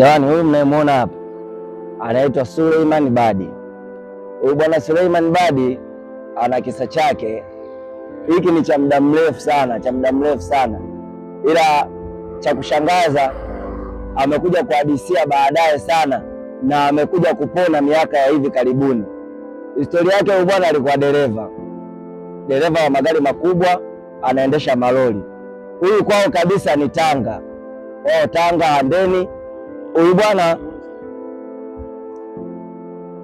Jamani, huyu mnayemwona hapa anaitwa Suleiman Badi. Huyu bwana Suleiman Badi ana kisa chake. Hiki ni cha muda mrefu sana, cha muda mrefu sana, ila cha kushangaza amekuja kuhadisia baadaye sana, na amekuja kupona miaka ya hivi karibuni. Historia yake, huyu bwana alikuwa dereva, dereva wa magari makubwa, anaendesha malori. Huyu kwao kabisa ni Tanga, kwao Tanga Handeni huyu bwana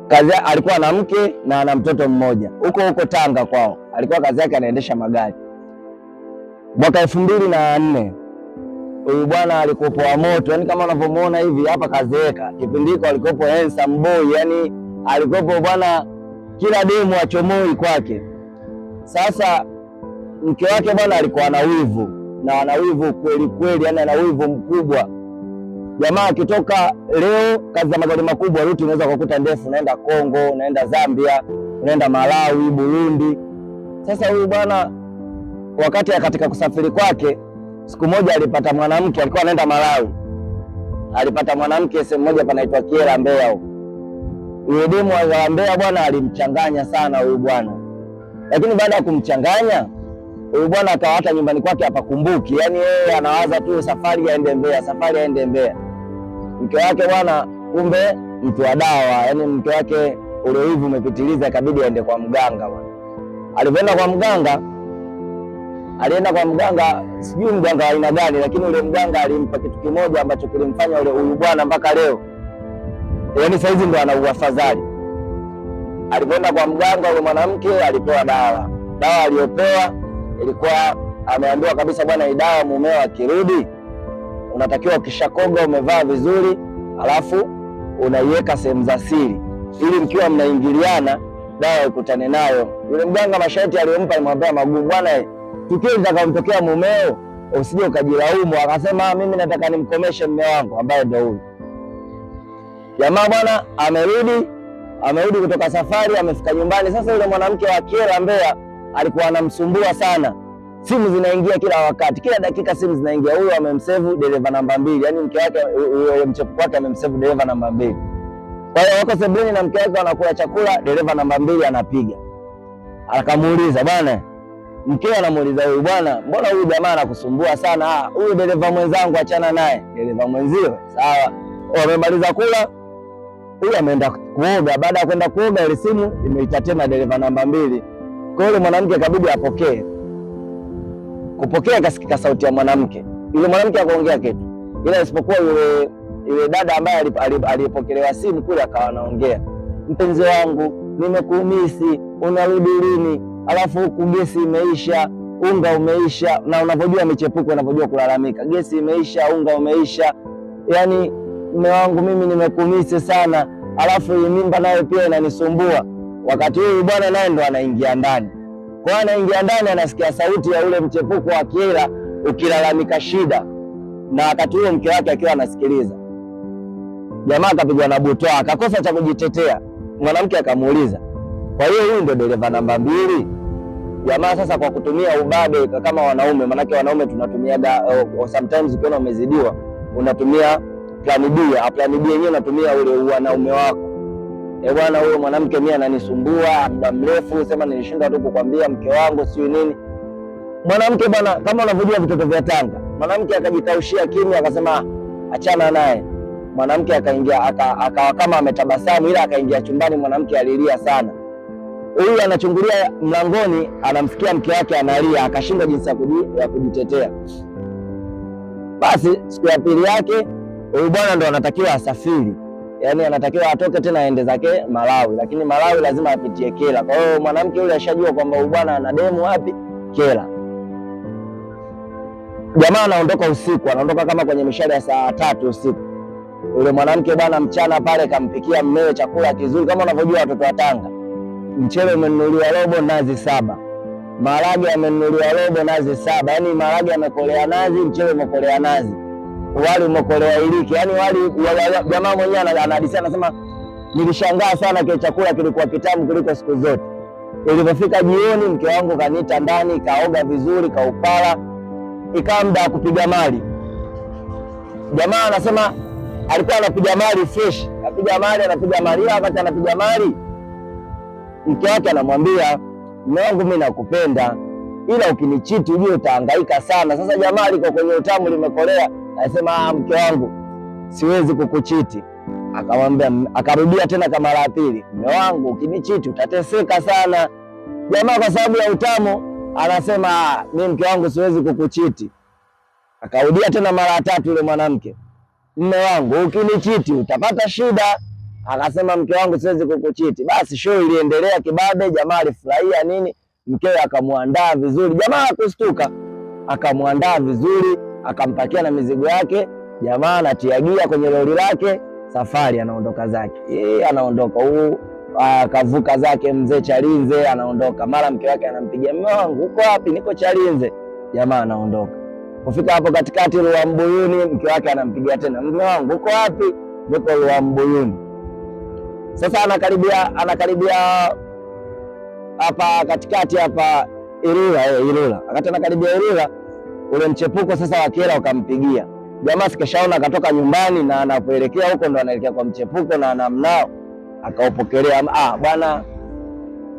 kazi alikuwa na mke na ana mtoto mmoja huko huko Tanga kwao, alikuwa kazi yake anaendesha magari. Mwaka elfu mbili na nne huyu bwana alikopoa moto, yani kama unavyomuona hivi hapa kazeeka. Kipindi hiko alikopo handsome boy, yani alikopo bwana kila demu achomoi kwake. Sasa mke wake bwana alikuwa na wivu na ana wivu kweli kweli, yani ana wivu mkubwa Jamaa akitoka leo kazi za magari makubwa, ruti unaweza kukuta ndefu, unaenda Kongo, unaenda Zambia, unaenda Malawi, Burundi. Sasa huyu bwana wakati ya katika kusafiri kwake, siku moja alipata mwanamke, alikuwa anaenda Malawi, alipata mwanamke sehemu moja panaitwa Kiera Mbeya huko. Yule demu wa Mbeya bwana alimchanganya sana huyu bwana, lakini baada ya kumchanganya huyu bwana akawa hata nyumbani kwake hapakumbuki, yaani yeye anawaza tu safari aende Mbeya, safari aende Mbeya mke wake bwana, kumbe mtu wa dawa, yaani mke wake ulevi umepitiliza, ikabidi aende kwa mganga bwana. Alivyoenda kwa mganga, alienda kwa mganga, sijui mganga wa aina gani, lakini ule mganga alimpa kitu kimoja ambacho kilimfanya ule huyu bwana mpaka leo, yaani hizi ndo ana uafadhali. Alivyoenda kwa mganga, ule mwanamke alipewa dawa. Dawa aliyopewa ilikuwa ameambiwa kabisa, bwana, hii dawa mumeo akirudi unatakiwa ukishakoga umevaa vizuri, alafu unaiweka sehemu za siri, ili mkiwa mnaingiliana dawa ikutane nayo. Yule mganga masharti aliyompa alimwambia Magu, bwana, tukio litakaomtokea mumeo usije ukajilaumu. Akasema ah, mimi nataka nimkomeshe mme wangu ambaye ndo huyu jamaa. Bwana amerudi amerudi kutoka safari, amefika nyumbani. Sasa yule mwanamke wa Kyela Mbeya alikuwa anamsumbua sana simu zinaingia kila wakati, kila dakika simu zinaingia. Huyo amemsevu dereva namba mbili, yani mke wake, huyo mchepuko wake amemsevu dereva namba mbili. Kwa hiyo wako sebuleni na mke wake wanakula chakula, dereva namba mbili anapiga, akamuuliza bwana, mkeo anamuuliza huyu bwana, mbona huyu jamaa anakusumbua sana? Ah, huyu dereva mwenzangu, achana naye. Dereva mwenzio, sawa. Wamemaliza oh, kula, huyu ameenda kuoga. Baada ya kwenda kuoga, ile simu imeita tena dereva namba mbili. Kwa hiyo yule mwanamke kabidi apokee kupokea kasikika sauti ya mwanamke yule mwanamke akaongea kitu, ila isipokuwa yule yule dada ambaye alipokelewa simu kule akawa anaongea, mpenzi wangu, nimekuumisi, unarudi lini? Alafu huku gesi imeisha, unga umeisha, na unavyojua michepuko, unavyojua kulalamika, gesi imeisha, unga umeisha, yani mume wangu mimi nimekumisi sana, alafu hii mimba nayo pia inanisumbua. Wakati huyu bwana naye ndo anaingia ndani kwa hiyo anaingia ndani, anasikia sauti ya ule mchepuko wa kiela ukilalamika shida, na wakati huo mke wake akiwa anasikiliza. Jamaa akapigwa na butoa, akakosa cha kujitetea. Mwanamke akamuuliza, kwa hiyo huyu ndio dereva namba mbili? Jamaa sasa kwa kutumia ubabe kama wanaume, maanake wanaume tunatumiaga uh, sometimes ukiona umezidiwa unatumia plani B. Plani B yenyewe unatumia ule wanaume wako e, bwana huyo mwanamke mimi ananisumbua muda mrefu, sema nilishinda tu kukwambia mke wangu siyo nini. Mwanamke bwana, kama unavyojua vitoto vya Tanga, mwanamke akajitaushia kimya, akasema achana naye. Mwanamke akaingia akawa kama ametabasamu, ila akaingia chumbani, mwanamke alilia sana. Huyu anachungulia mlangoni, anamsikia mke wake analia, akashindwa jinsi ya kujitetea. Basi siku ya pili yake huyu bwana ndo anatakiwa asafiri yani anatakiwa atoke tena aende zake Malawi, lakini Malawi lazima apitie Kela. Kwa hiyo mwanamke yule ashajua kwamba bwana ana demu wapi Kela. Jamaa anaondoka usiku, anaondoka kama kwenye mishale ya saa tatu usiku. Yule mwanamke bwana, mchana pale kampikia mmewe chakula kizuri, kama unavyojua watoto wa Tanga, mchele umenunuliwa robo, nazi saba maharage amenunuliwa robo, nazi saba. yani maharage amekolea nazi, mchele umekolea nazi wali umekolea iliki, yani wali jamaa mwenyewe anahadisia, anasema nilishangaa sana kile chakula kilikuwa kitamu kuliko siku zote. Ilivyofika jioni, mke wangu kaniita ndani, kaoga vizuri, kaupala, ikawa muda wa kupiga mali. Jamaa anasema alikuwa anapiga mali fresh, anapiga mali, anapiga mali. Wakati anapiga mali, mke wake anamwambia mume wangu, mimi nakupenda, ila ukinichiti ujue utahangaika sana. Sasa jamaa liko kwenye utamu, limekolea Anasema ah, mke wangu, siwezi kukuchiti. Akamwambia, akarudia tena kama mara ya pili, mume wangu, ukinichiti utateseka sana. Jamaa kwa sababu ya utamu anasema ah, mi mke wangu, siwezi kukuchiti. Akarudia tena mara ya tatu yule mwanamke, mume wangu, ukinichiti utapata shida. Akasema mke wangu, siwezi kukuchiti. Basi show iliendelea kibabe, jamaa alifurahia nini, mkewe akamwandaa vizuri, jamaa akustuka, akamwandaa vizuri akampakia na mizigo yake, jamaa anatia gia kwenye lori lake, safari anaondoka zake. Yeye anaondoka huu akavuka ah, zake mzee Chalinze anaondoka. Mara mke wake anampigia, mume wangu uko wapi? Niko Chalinze. Jamaa anaondoka. Kufika hapo katikati Ruambuyuni, mke wake anampigia tena, mume wangu uko wapi? Niko Ruambuyuni. Sasa anakaribia anakaribia hapa katikati hapa Ilula, eh, Ilula. Akati anakaribia Ilula ule mchepuko sasa wa kera ukampigia jamaa, sikeshaona akatoka nyumbani na anapoelekea huko ndo anaelekea kwa mchepuko na anamnao akaupokelea, ah, bwana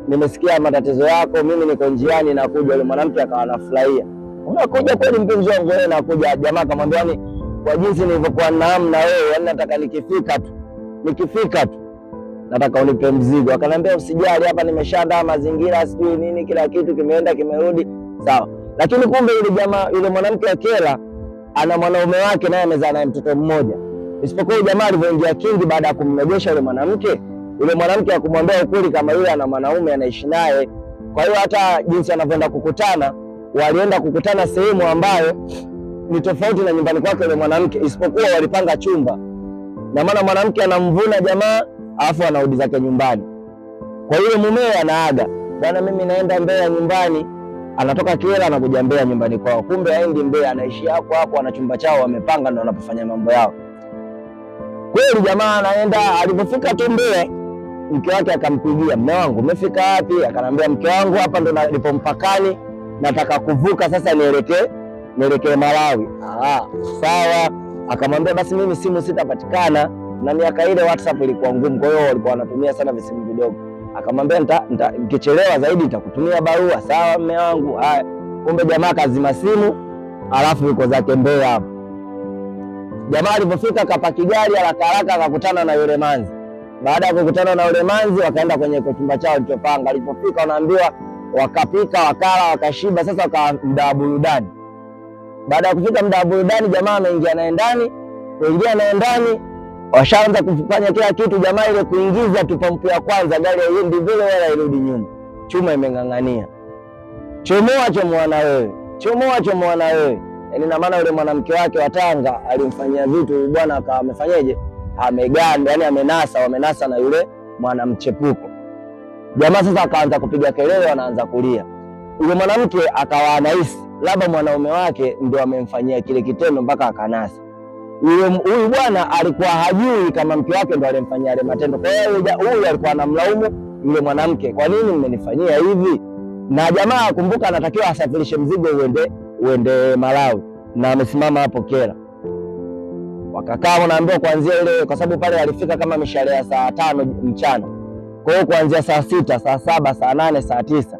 nimesikia matatizo yako, mimi niko njiani nakuja. Ule mwanamke akawa anafurahia, unakuja kweli mpenzi wangu wewe? Nakuja. Jamaa akamwambia ni yaani, kwa jinsi nilivyokuwa namna wewe, yani nataka nikifika tu nikifika tu nataka unipe mzigo. Akaniambia usijali, hapa nimeshaandaa mazingira, sijui nini, kila kitu kimeenda kimerudi sawa. Lakini kumbe yule jamaa yule mwanamke akela ana mwanaume wake naye amezaa naye mtoto mmoja, isipokuwa yule jamaa alivyoingia kingi baada ya kumnogesha yule mwanamke, yule mwanamke akumwambia ukweli kama yule ana mwanaume anaishi naye. Kwa hiyo hata jinsi anavyoenda kukutana, walienda kukutana sehemu ambayo ni tofauti na nyumbani kwake yule mwanamke, isipokuwa walipanga chumba, na maana mwanamke anamvuna jamaa alafu anarudi zake nyumbani. Kwa hiyo mumewe anaaga bwana, mimi naenda Mbeya nyumbani anatoka Kiela anakuja Mbeya nyumbani kwao, kumbe aendi Mbeya, anaishi hapo hapo, ana chumba chao wamepanga, ndo wanapofanya mambo yao. Kweli jamaa anaenda, alipofika tu Mbeya mke wake akampigia, mme wangu umefika wapi? Akanambia, mke wangu hapa ndo nilipo mpakani, nataka kuvuka sasa nielekee nielekee Malawi. Ah, sawa. Akamwambia basi mimi simu sitapatikana, na miaka ile WhatsApp ilikuwa ngumu, kwa hiyo walikuwa wanatumia sana visimu vidogo akamwambia nikichelewa zaidi nitakutumia barua. Sawa mme wangu. Haya, kumbe jamaa kazima simu, alafu yuko zake Mbeya hapo. Jamaa alipofika kapaki gari haraka haraka, akakutana na yule manzi. Baada ya kukutana na yule manzi, wakaenda kwenye chumba chao walichopanga. Alipofika wanaambiwa wakapika, wakala, wakashiba. Sasa wakawa mda wa burudani. Baada ya kufika mda wa burudani, jamaa ameingia naye ndani, kuingia naye ndani washaanza kufanya kila kitu jamaa, ile kuingiza tu pampu ya kwanza gari haiendi vile wala irudi nyuma, chuma imeng'ang'ania. Chomoa chomoa na wewe, chomoa chomoa na wewe. Yaani na maana yule mwanamke wake wa Tanga alimfanyia vitu bwana, akawa amefanyaje, ameganda, yani amenasa, wamenasa na yule mwanamchepuko jamaa. Sasa akaanza kupiga kelele, anaanza kulia yule mwanamke, akawa anahisi labda mwanaume wake ndio amemfanyia kile kitendo mpaka akanasa huyu bwana alikuwa hajui kama mke wake ndo alimfanyia yale matendo. Kwa hiyo huyu alikuwa anamlaumu yule mwanamke, kwa nini mmenifanyia hivi? Na jamaa kumbuka, anatakiwa asafirishe mzigo uende uende Malawi, na amesimama hapo Kera. Wakakaa wanaambiwa kuanzia ile, kwa sababu pale alifika kama mishale ya saa tano mchana. Kwa hiyo kuanzia saa sita, saa saba, saa nane, saa tisa,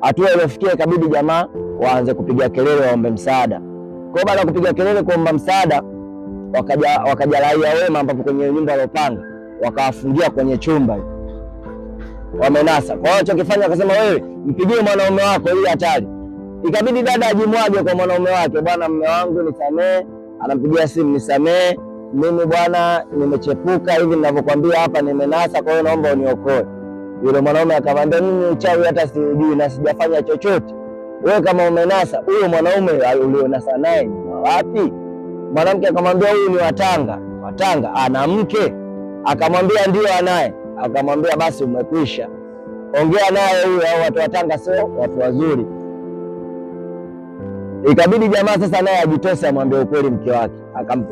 hatua iliyofikia ikabidi jamaa waanze kupiga kelele, waombe msaada. Kwa hiyo baada ya kupiga kelele kuomba msaada wakaja wakaja raia wema ambapo kwenye nyumba waliopanga wakawafungia kwenye chumba wamenasa. Kwa hiyo walichokifanya wakasema, wewe mpigie mwanaume wako ili hatari. Ikabidi dada ajimwage kwa mwanaume wake, bwana, mme wangu nisamee. Anampigia simu, nisamee mimi bwana, nimechepuka hivi ninavyokuambia hapa, nimenasa. Kwa hiyo naomba uniokoe. Yule mwanaume akamwambia, mimi uchawi hata sijui na sijafanya chochote. Wewe kama umenasa, huyo mwanaume ulionasa naye wapi? mwanamke akamwambia huyu ni Watanga, Watanga ana mke? Akamwambia ndio anaye. Akamwambia basi umekwisha, ongea naye huyu, au watu Watanga sio watu wazuri. Ikabidi jamaa sasa naye ajitose, amwambia ukweli mke wake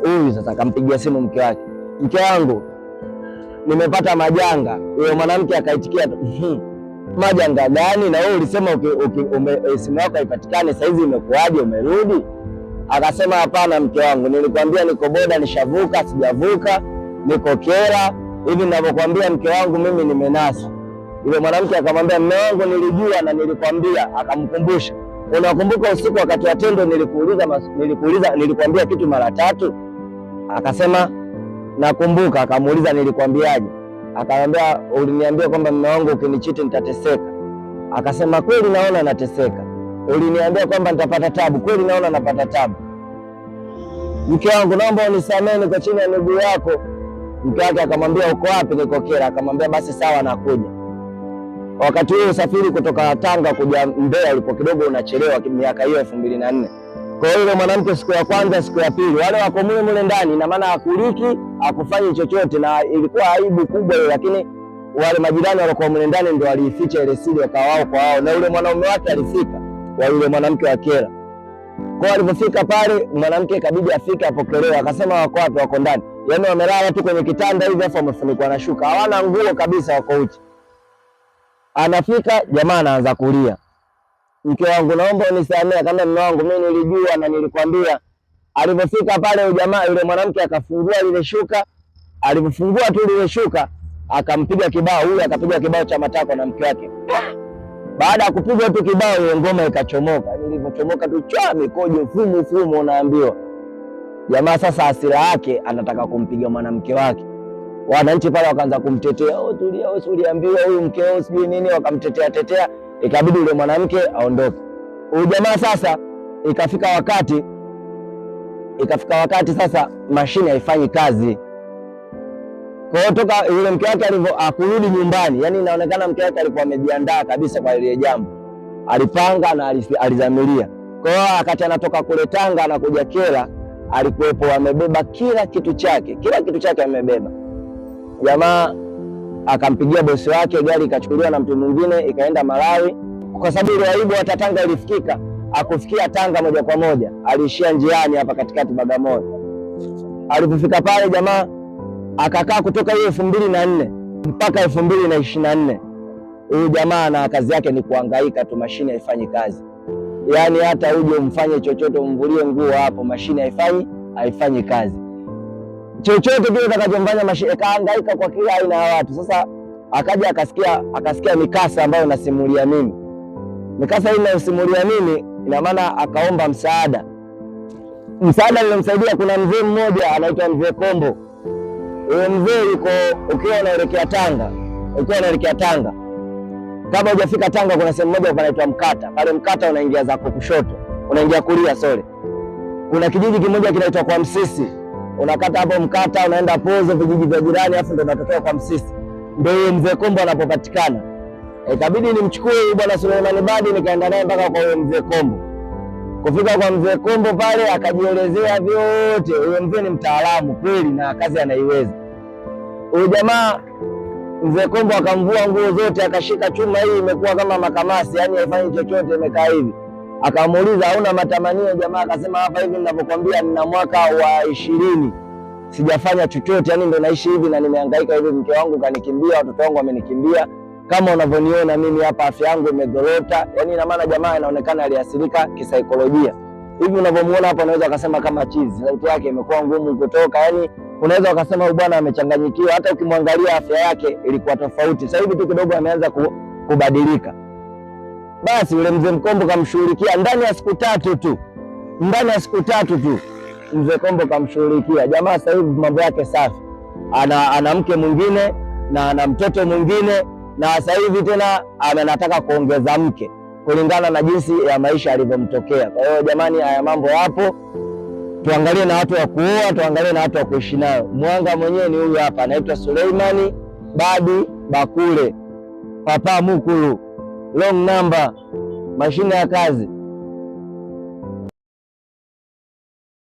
huyu. Sasa akampigia simu mke wake, mke wangu nimepata majanga. Huyo mwanamke akaitikia hmm, majanga gani? Na wewe ulisema simu yako haipatikane, saizi imekuwaje? Umerudi? Akasema hapana, mke wangu, nilikwambia niko boda, nishavuka, sijavuka, niko kera hivi ninavyokwambia, mke wangu, mimi nimenasa. Yule mwanamke akamwambia, mme wangu, nilijua na nilikwambia. Akamkumbusha, unakumbuka usiku wakati wa tendo nilikuuliza, nilikuuliza, nilikwambia kitu mara tatu? Akasema nakumbuka. Akamuuliza, nilikwambiaje? Akamwambia, uliniambia kwamba mme wangu, ukinichiti nitateseka. Akasema, kweli naona nateseka uliniambia kwamba nitapata tabu. Kweli naona napata tabu. Mke wangu, naomba unisamehe, niko chini ya miguu yako. Mke wake akamwambia uko wapi? Niko Kera. Akamwambia basi sawa, nakuja. Wakati huo usafiri kutoka Tanga kuja Mbeya ulipo kidogo unachelewa, miaka hiyo elfu mbili na nne. Kwa hiyo mwanamke siku ya kwanza, siku ya pili, wale wako mule mule ndani, ina maana hakuliki, hakufanyi chochote, na ilikuwa aibu kubwa hiyo, lakini wale majirani walikuwa mule ndani ndio waliificha ile siri, wakawa wao kwa wao, na yule mwanaume wake alifika wa yule mwanamke wa Kera. Kwa alipofika pale, mwanamke ikabidi afike apokelewe, akasema wako wapi? Wako ndani. Yaani wamelala tu kwenye kitanda hivi, afu wamefunikwa na shuka, hawana nguo kabisa, wako uchi. Anafika jamaa anaanza kulia, mke wangu, naomba unisamehe kama mume wangu, mimi nilijua na nilikwambia. Alipofika pale ujamaa, yule mwanamke akafungua lile shuka, alipofungua tu lile shuka akampiga kibao, huyu akapiga kibao cha matako na mke wake baada ya kupiga tu kibao, ile ngoma ikachomoka. Nilivyochomoka tu chwa, mikojo fumu fumu, unaambiwa jamaa sasa hasira yake anataka kumpiga mwanamke wake. Wananchi pale wakaanza kumtetea, oh, tulia, wewe oh, uliambiwa huyu mkeo oh, sijui nini, wakamtetea tetea, ikabidi yule mwanamke aondoke. Huyu jamaa sasa, ikafika wakati ikafika wakati sasa mashine haifanyi kazi. Kwa hiyo toka yule mke wake aliporudi ah, nyumbani, yani inaonekana mke wake alikuwa amejiandaa kabisa kwa ile jambo, alipanga na alizamilia. Kwa hiyo akati anatoka kule Tanga anakuja Kela, alikuwepo amebeba kila kitu chake, kila kitu chake amebeba. Jamaa akampigia bosi wake, gari ikachukuliwa na mtu mwingine ikaenda Malawi, kwa sababu ile aibu hata Tanga ilifikika, akufikia Tanga moja kwa moja, aliishia njiani hapa katikati Bagamoyo. Alipofika pale jamaa akakaa kutoka hiyo elfu mbili na nne mpaka elfu mbili na ishirini na nne huyu jamaa na kazi yake ni kuangaika tu, mashine haifanyi kazi. Yaani hata uje umfanye chochote, umvulie nguo hapo, mashine haifanyi haifanyi kazi chochote kile utakachomfanya mashine. Kaangaika kwa kila aina ya watu. Sasa akaja akasikia akasikia mikasa ambayo nasimulia mimi, mikasa hii inayosimulia mimi, ina maana akaomba msaada. Msaada nilomsaidia, kuna mzee mmoja anaitwa mzee Kombo wewe mzee yuko ukiwa unaelekea Tanga, ukiwa unaelekea Tanga, kama hujafika Tanga kuna sehemu moja panaitwa Mkata. Pale Mkata unaingia zako kushoto, unaingia kulia, sorry. Kuna kijiji kimoja kinaitwa kwa Msisi, unakata hapo Mkata, unaenda Pozo, vijiji vya jirani, afu ndo unatokea kwa Msisi, ndio huyo mzee Kombo anapopatikana. Ikabidi e, nimchukue huyu bwana Suleiman Badi, nikaenda naye mpaka kwa huyo mzee Kombo. Kufika kwa mzee Kombo pale, akajielezea vyote. Huyo mzee ni mtaalamu kweli na kazi anaiweza. Huyu jamaa mzee Kombo akamvua nguo zote, akashika chuma, hii imekuwa kama makamasi, yani haifanyi chochote, imekaa hivi. Akamuuliza hauna matamanio? Jamaa akasema hapa hivi ninavyokuambia, nina mwaka wa ishirini sijafanya chochote, yani ndo naishi hivi na nimehangaika hivi, mke wangu kanikimbia, watoto wangu wamenikimbia, kama unavyoniona mimi hapa, afya yangu imegorota. Yani ina maana jamaa inaonekana aliathirika kisaikolojia. Hivi unavyomuona hapa, unaweza akasema kama chizi, sauti yake imekuwa ngumu kutoka, yani unaweza ukasema huyu bwana amechanganyikiwa. Hata ukimwangalia afya yake ilikuwa tofauti, sasa hivi tu kidogo ameanza kubadilika. Basi yule mzee Mkombo kamshughulikia ndani ya siku tatu tu, ndani ya siku tatu tu mzee Kombo kamshughulikia jamaa. Sasa hivi mambo yake safi, ana, ana mke mwingine na ana mtoto mwingine, na sasa hivi tena anataka kuongeza mke kulingana na jinsi ya maisha alivyomtokea. Kwa hiyo jamani, haya mambo yapo tuangalie na watu wa kuoa, tuangalie na watu wa kuishi nao. Mwanga mwenyewe ni huyu hapa, anaitwa Suleimani Badi Bakule, Papa Mukulu, long number, mashine ya kazi